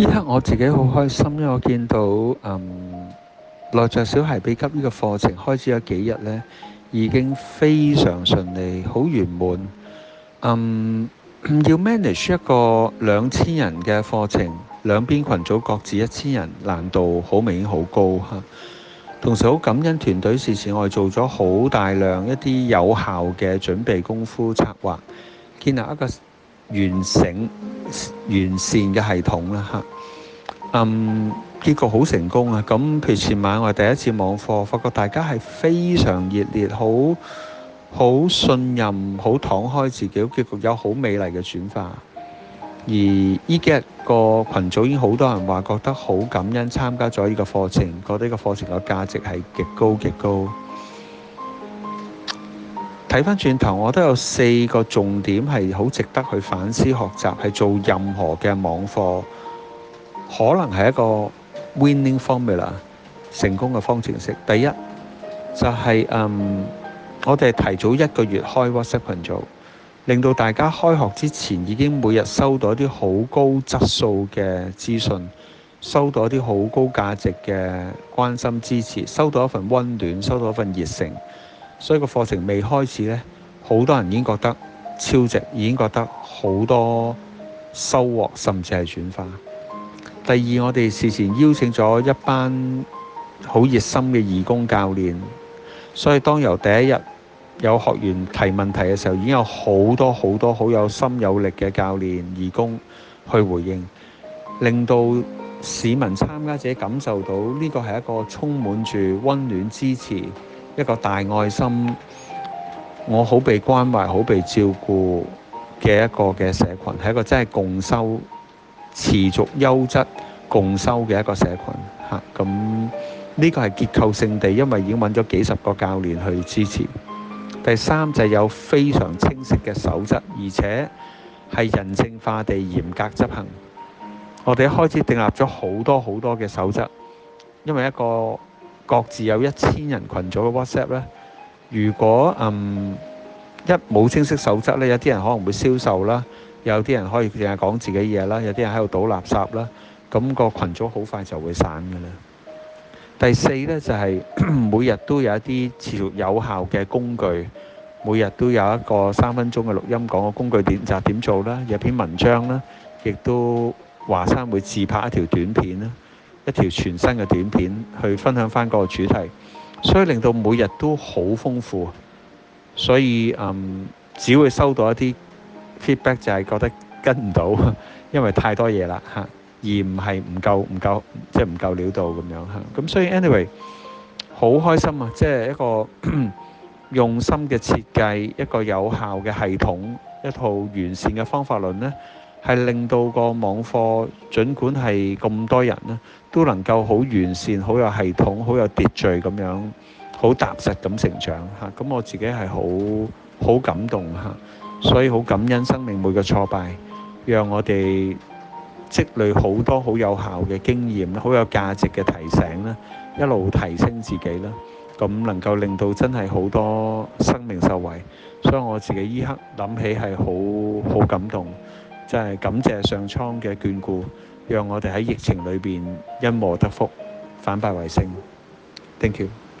依刻我自己好開心，因為我見到嗯內在小孩秘笈呢個課程開始咗幾日呢已經非常順利，好圓滿。嗯，要 manage 一個兩千人嘅課程，兩邊群組各自一千人，難度好明顯好高。同時好感恩團隊事前我做咗好大量一啲有效嘅準備功夫、策劃，建立一個完成，完善嘅系統啦嚇，嗯，結局好成功啊！咁譬如前晚我第一次網課，發覺大家係非常熱烈，好好信任，好敞開自己，結局有好美麗嘅轉化。而依幾日個羣組已經好多人話覺得好感恩參加咗呢個課程，覺得呢個課程嘅價值係極高極高。睇翻轉頭，我都有四個重點係好值得去反思學習，係做任何嘅網課，可能係一個 winning formula，成功嘅方程式。第一就係、是、嗯，我哋提早一個月開 WhatsApp 群組，令到大家開學之前已經每日收到一啲好高質素嘅資訊，收到一啲好高價值嘅關心支持，收到一份温暖，收到一份熱誠。所以個課程未開始呢，好多人已經覺得超值，已經覺得好多收穫，甚至係轉化。第二，我哋事前邀請咗一班好熱心嘅義工教練，所以當由第一日有學員提問題嘅時候，已經有好多好多好有心有力嘅教練義工去回應，令到市民參加者感受到呢個係一個充滿住温暖支持。一個大愛心，我好被關懷，好被照顧嘅一個嘅社群，係一個真係共修持續優質共修嘅一個社群嚇。咁、啊、呢個係結構性地，因為已經揾咗幾十個教練去支持。第三就係有非常清晰嘅守則，而且係人性化地嚴格執行。我哋開始訂立咗好多好多嘅守則，因為一個，各自有一千人，羣組嘅 WhatsApp 咧，如果嗯，一冇清晰守則咧，有啲人可能會銷售啦，有啲人可以淨係講自己嘢啦，有啲人喺度倒垃圾啦，咁個羣組好快就會散嘅啦。第四咧就係每日都有一啲持續有效嘅工具，每日都有一個三分鐘嘅錄音講個工具點集點做啦，有篇文章啦，亦都華山會自拍一條短片啦。一條全新嘅短片去分享翻嗰個主題，所以令到每日都好豐富，所以嗯，只會收到一啲 feedback 就係覺得跟唔到，因為太多嘢啦嚇，而唔係唔夠唔夠，即係唔夠料到咁樣嚇。咁所以 anyway，好開心啊！即係一個 用心嘅設計，一個有效嘅系統，一套完善嘅方法論呢。係令到個網課，儘管係咁多人呢，都能夠好完善、好有系統、好有秩序咁樣，好踏實咁成長嚇。咁我自己係好好感動嚇，所以好感恩生命每個挫敗，讓我哋積累好多好有效嘅經驗啦，好有價值嘅提醒啦，一路提升自己啦。咁能夠令到真係好多生命受惠，所以我自己呢刻諗起係好好感動。就係感謝上蒼嘅眷顧，讓我哋喺疫情裏面因禍得福，反敗為勝。Thank you。